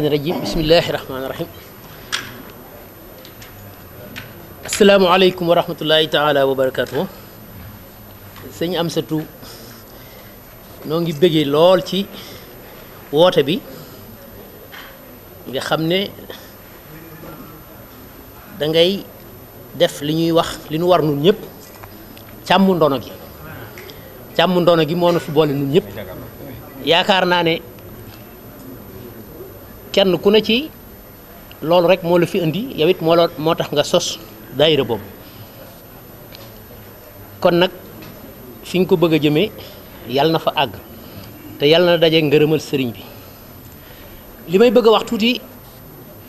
rajim bismillahi rahmaani rahim asalaamualeykum wa rahmatullahi taala wa barakatuhu sëñ Amsatu noo ngi bëggee lool ci woote bi nga xam ne dangay ngay def li ñuy wax li ñu war nun ñëpp càmm ndono gi càmm ndono gi moo nu fi boole nun ñëpp yaakaar naa ne kenn ku ne ci loolu rek moo la fi indi yow it moo la moo tax nga sos daayira boobu kon nag fi ñu ko bëgg a jëmee yàlla na fa àgg te yàlla na daje ngërëmal sëriñ bi li may bëgg a wax tuuti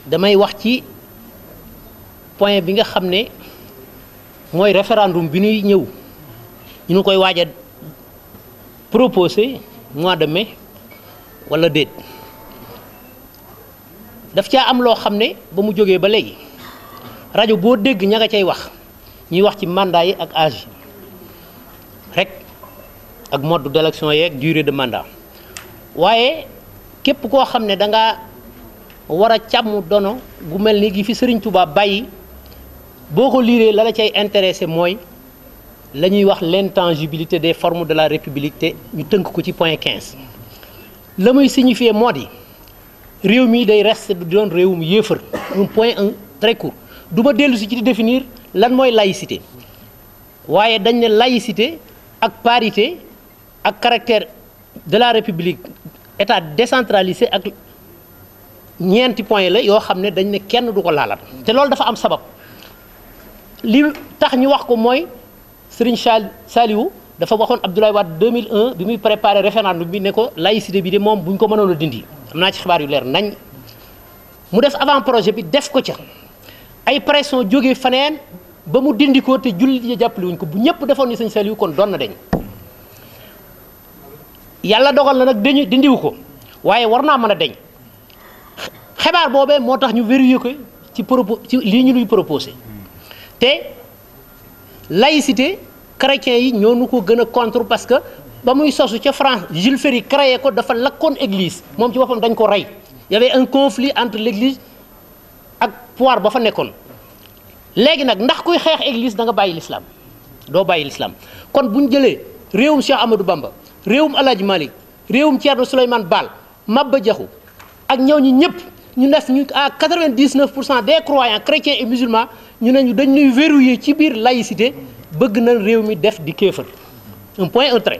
damay wax ci point bi nga xam ne mooy référendum bi nuy ñëw ñu ngi koy waaja proposé mois de mai wala déet. daf caa am loo xam ne ba mu jógee ba léegi rajo boo dégg ña nga cay wax ñuy wax ci mandat yi ak âge rek ak mode d'élection yeeg durée de mandat waaye képp koo xam ne da nga war a càmm dono gu mel ni gi fi Sëriñ Tuubaa bàyyi boo ko liiree la la cay intéressé mooy la ñuy wax l'intangibilité des formes de la république te ñu tënk ko ci point quinze la muy signifier moo yi Réumi reste don un point très court définir la laïcité laïcité ak parité ak caractère de la république état décentralisé ak ñenti point la yo xamné dañ ne kenn du ko dafa am sabab li tax ñu wax ko Serigne dafa Abdoulaye 2001 bi muy référendum laïcité bi de mom buñ am naa ci xibaar yu leer nañ mu def avant projet bi def ko ca ay pression jóge faneen ba mu dindi ko te jullit ya jàppale wuñ ko bu ñëpp defoon ni sañ Saliou kon doon na dañ yàlla dogal na nag dañu dindiwu ko waaye war naa mën a deñ xibaar boobee moo tax ñu vérifier ko ci propos ci lii ñu luy proposé te laïcité chrétien yi ñoo nu ko gën a contre parce que ba muy sosu ca France Jules Ferry créé ko dafa lakkoon église moom ci boppam dañ ko rey y avait un conflit entre l'église ak pouvoir ba fa nekkoon léegi nag ndax kuy xeex église da nga bàyyi l'islam doo bàyyi l'islam kon bu ñu jëlee Cheikh Amadou Bamba réewum El Hadj Malick réewum Thierno Bal, Baal Maba Diakhou ak ñëw ñi ñëpp ñu def ñu à 99 des croyants chrétiens et musulmans ñu ne ñu dañ ñuy verrouiller ci biir laïcité bëgg na réew def di kéefër un point un trait.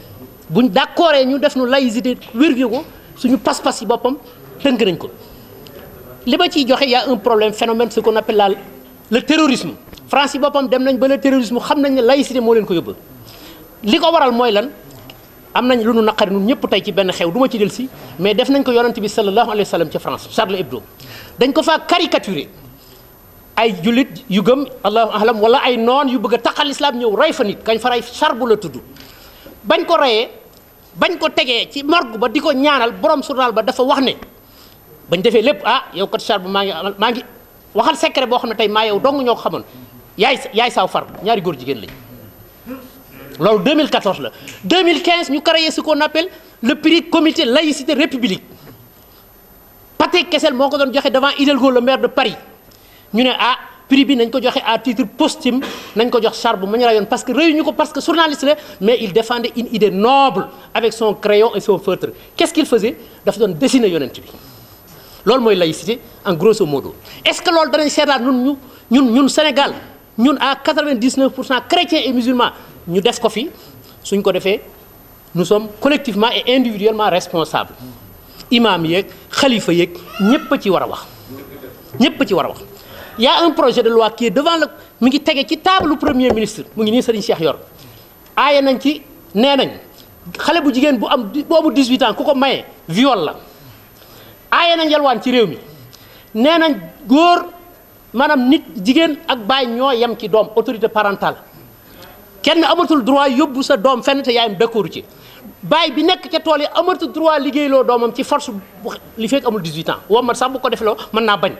buñ d'accord ñu def nu laïcité wérgu ko suñu pas-pas yi boppam tënk nañ ko li ma ciy joxe y un problème phénomène ce qu'on appelle la le terrorisme France yi boppam dem nañ ba le terrorisme xam nañ ne laïcité moo leen ko yóbbu li ko waral mooy lan am nañ lu nu naqari nun ñëpp tey ci benn xew du ma ci del si mais def nañ ko yonent bi sallallahu alayhi wa sallam ca France Charlie Hebdo dañ ko faa caricaturer ay jullit yu gëm allahu ahlam wala ay noon yu bëgg a taqal ñëw rey fa nit kañ fa rey bu la tudd bañ ko reyee bañ ko tegee ci morgue ba di ko ñaanal borom journal ba dafa wax ne bañ defee lépp ah yow kat Charles bu maa ngi maa ngi waxal secret boo xam ne tey maa yow dong ñoo ko xamoon yaay yaay saw far ñaari góor jigéen lañ loolu mille 2014 la mille quinze ñu créé ce qu'on appelle le prix comité laïcité république Patrick Kessel moo ko doon joxe devant Hidalgo le maire de Paris ñu ne ah. prix bi nañ ko joxe à titre posthume nañ ko jox charbon, ma ñu parce que reuy parce que journaliste mais il défendait une idée noble avec son crayon et son feutre qu'est-ce qu'il faisait daf doon dessiner yonent bi lool moy laïcité en grosso modo est-ce que lool danañ nous ñun ñun ñun Sénégal ñun à 99 chrétiens et musulmans ñu def ko fi suñ ko défé nous sommes collectivement et individuellement responsables imam yek khalifa yek ñepp ci wara wax ñepp ci wara wax yaa a un projet de loi qui est devant la mi ngi tege ci taabalu premier ministre mu ngi nii Serigne Cheikh yor aaye nañ ci nee nañ xale bu jigéen bu am boobu 18 ans ku ko maye viol la aaye nañ yalwaan ci réew mi nee nañ góor maanaam nit jigéen ak baay ñoo yem ci doom autorité parentale kenn amatul droit yóbbu sa doom fenn te yaayam dëkkooru ci baay bi nekk ca tool yi amatul droit liggéeyloo doomam ci force li fekk amul 18 ans woo ma sax bu ko defee loo mën naa bañ.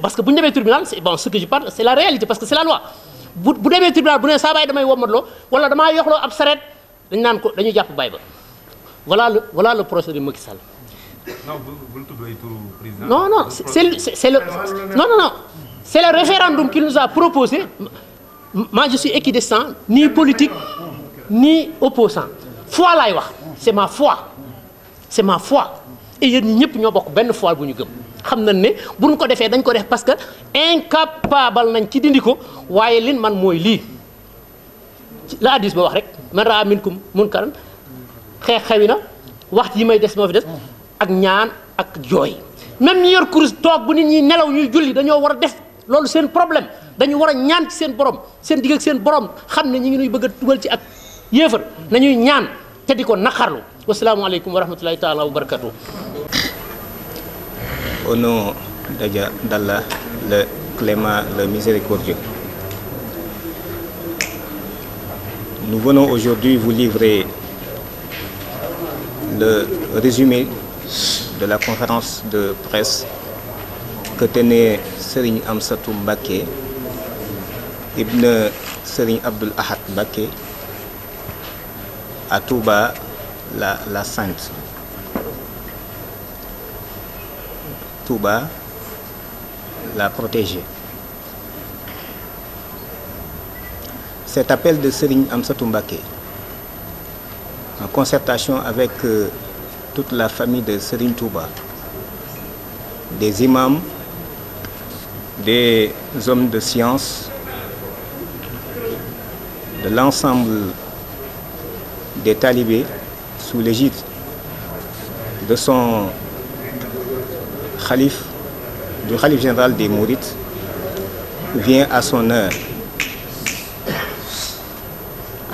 parce que vous avez demee tribunal c'est bon ce que je parle c'est la réalité parce que c'est la loi vous avez demee tribunal vous ne saa que damay avez wala damaa vous ab sareet dañ vous ko dañuy jàpp ba voilà le voilà le procès de Macky Sall. non vous ay président. non non c'est le non non non c'est le référendum qu'il nous a proposé moi je suis équidistant ni politique ni opposant foi là, c'est ma foi c'est ma foi et il y a bokk foi que nous gëm. xam nañ ne buñ ko defee dañ ko def parce que incapable nañ ci dindi ko waaye lin man mooy lii la hadiis ba wax rek man raa minkum munkaran xeex xewi na waxtu yi may des moo fi des ak ñaan ak jooy même ñi yor kurus toog bu nit ñi nelaw ñuy julli dañoo war a def loolu seen problème dañu war a ñaan ci seen borom seen digg ak seen borom xam ne ñu ngi nuy bëgg a dugal ci ak yéefar nañuy ñaan te di ko naqarlu wasalaamualeykum wa rahmatullahi taala wa barakatuh Au nom d'Allah, le clément, le miséricordieux. Nous venons aujourd'hui vous livrer le résumé de la conférence de presse que tenait Serigne Amsatou Mbaké, Ibn Serigne Abdul Ahad Mbaké, à Touba, la, la Sainte. Touba la protéger. Cet appel de Serigne Amsatou en concertation avec euh, toute la famille de Serigne Touba, des imams, des hommes de science, de l'ensemble des talibés sous l'égide de son khalif, du khalif général des Mourites vient à son heure.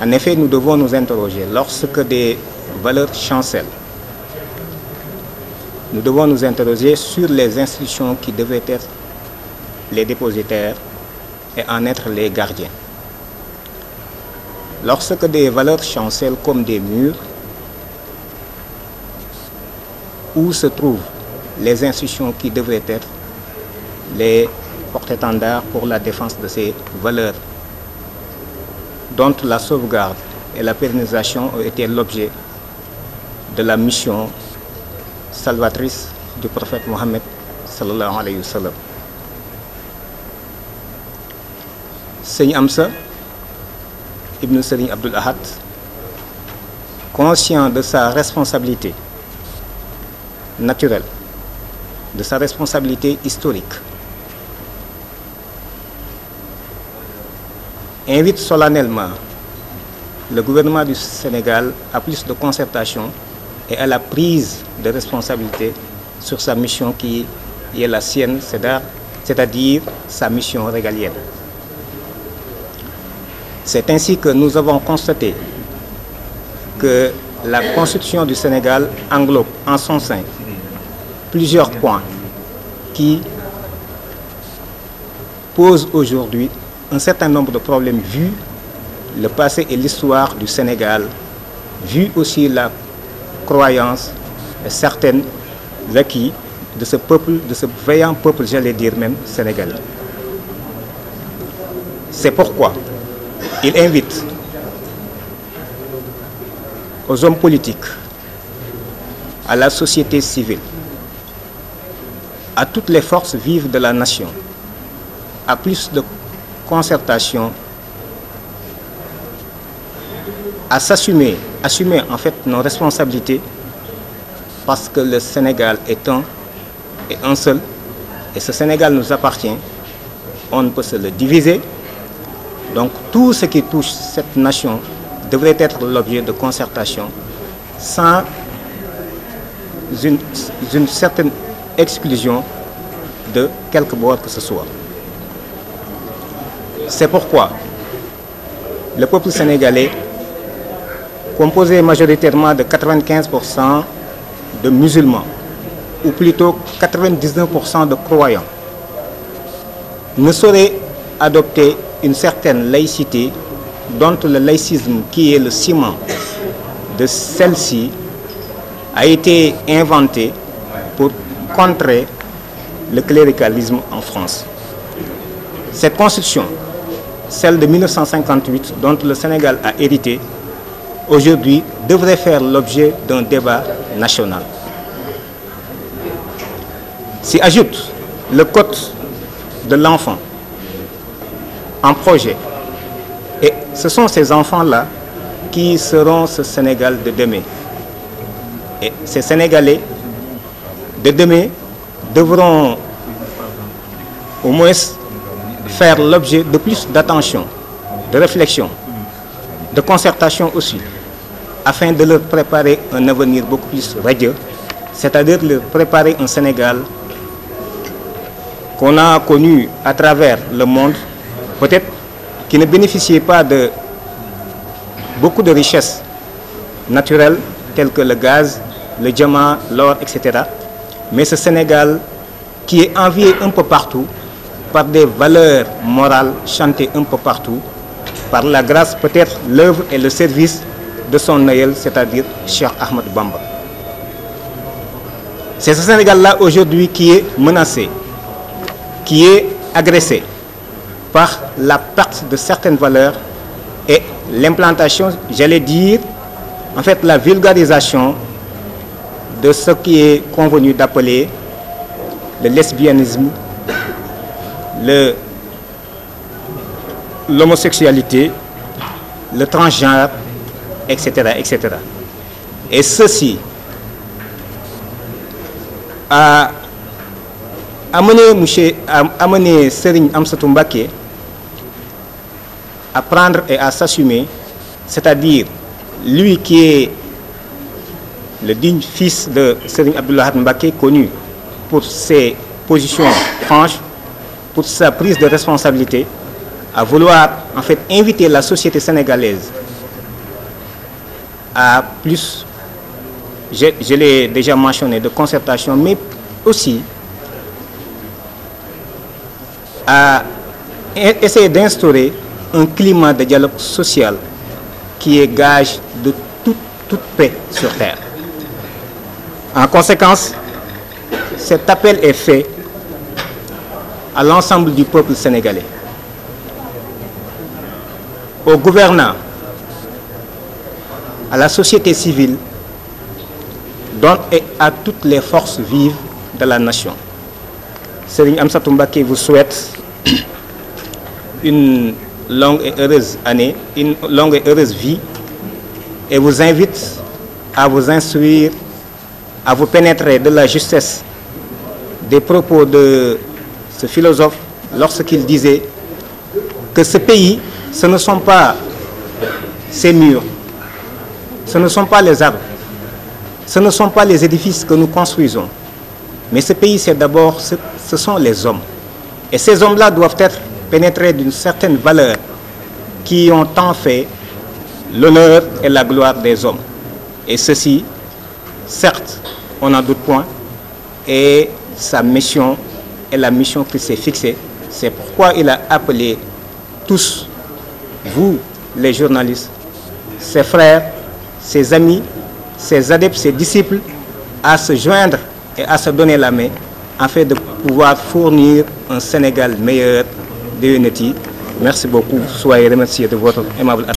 En effet, nous devons nous interroger. Lorsque des valeurs chancellent, nous devons nous interroger sur les institutions qui devaient être les dépositaires et en être les gardiens. Lorsque des valeurs chancellent comme des murs, où se trouvent les institutions qui devaient être les porte-étendards pour la défense de ces valeurs, dont la sauvegarde et la pérennisation ont été l'objet de la mission salvatrice du prophète Mohammed Seigneur Amsa, Ibn Salih Abdul Ahad, conscient de sa responsabilité naturelle de sa responsabilité historique. Invite solennellement le gouvernement du Sénégal à plus de concertation et à la prise de responsabilité sur sa mission qui est la sienne, c'est-à-dire sa mission régalienne. C'est ainsi que nous avons constaté que la Constitution du Sénégal englobe en son sein plusieurs points qui posent aujourd'hui un certain nombre de problèmes vu le passé et l'histoire du Sénégal, vu aussi la croyance et certaines acquis de ce peuple, de ce veillant peuple, j'allais dire même sénégalais. C'est pourquoi il invite aux hommes politiques, à la société civile, à toutes les forces vives de la nation, à plus de concertation, à s'assumer, assumer en fait nos responsabilités, parce que le Sénégal est un et un seul, et ce Sénégal nous appartient, on ne peut se le diviser. Donc tout ce qui touche cette nation devrait être l'objet de concertation sans une certaine exclusion de quelque bord que ce soit. C'est pourquoi le peuple sénégalais, composé majoritairement de 95% de musulmans, ou plutôt 99% de croyants, ne saurait adopter une certaine laïcité dont le laïcisme qui est le ciment de celle-ci a été inventé pour contrer le cléricalisme en France. Cette constitution, celle de 1958 dont le Sénégal a hérité, aujourd'hui devrait faire l'objet d'un débat national. S'y ajoute le code de l'enfant en projet. Et ce sont ces enfants-là qui seront ce Sénégal de demain. Et ces Sénégalais de demain devront au moins faire l'objet de plus d'attention, de réflexion, de concertation aussi, afin de leur préparer un avenir beaucoup plus radieux, c'est-à-dire leur préparer un Sénégal qu'on a connu à travers le monde, peut-être qui ne bénéficiait pas de beaucoup de richesses naturelles telles que le gaz, le diamant, l'or, etc mais ce Sénégal qui est envié un peu partout par des valeurs morales chantées un peu partout, par la grâce peut-être l'œuvre et le service de son Noël... c'est-à-dire Cheikh Ahmed Bamba. C'est ce Sénégal-là aujourd'hui qui est menacé, qui est agressé par la perte de certaines valeurs et l'implantation, j'allais dire, en fait la vulgarisation de ce qui est convenu d'appeler le lesbianisme, l'homosexualité, le, transgenre, etc., etc. Et ceci a amené, Monsieur, a amené à prendre et à s'assumer, c'est-à-dire lui qui est le digne fils de Sérine Abdullah Mbake, connu pour ses positions franches, pour sa prise de responsabilité, à vouloir en fait inviter la société sénégalaise à plus, je, l'ai déjà mentionné, de concertation, mais aussi à essayer d'instaurer un climat de dialogue social qui est gage de toute paix sur Terre. En conséquence, cet appel est fait à l'ensemble du peuple sénégalais, au gouvernants, à la société civile, donc et à toutes les forces vives de la nation. Serigne Amsatou qui vous souhaite une longue et heureuse année, une longue et heureuse vie et vous invite à vous instruire à vous pénétrer de la justesse des propos de ce philosophe lorsqu'il disait que ce pays, ce ne sont pas ces murs, ce ne sont pas les arbres, ce ne sont pas les édifices que nous construisons, mais ce pays, c'est d'abord, ce, sont les hommes. Et ces hommes-là doivent être pénétrés d'une certaine valeur qui ont tant fait l'honneur et la gloire des hommes. Et ceci, certes, on a d'autres points. Et sa mission est la mission qu'il s'est fixée. C'est pourquoi il a appelé tous, vous, les journalistes, ses frères, ses amis, ses adeptes, ses disciples, à se joindre et à se donner la main afin de pouvoir fournir un Sénégal meilleur de Unity. Merci beaucoup. Soyez remerciés de votre aimable attention.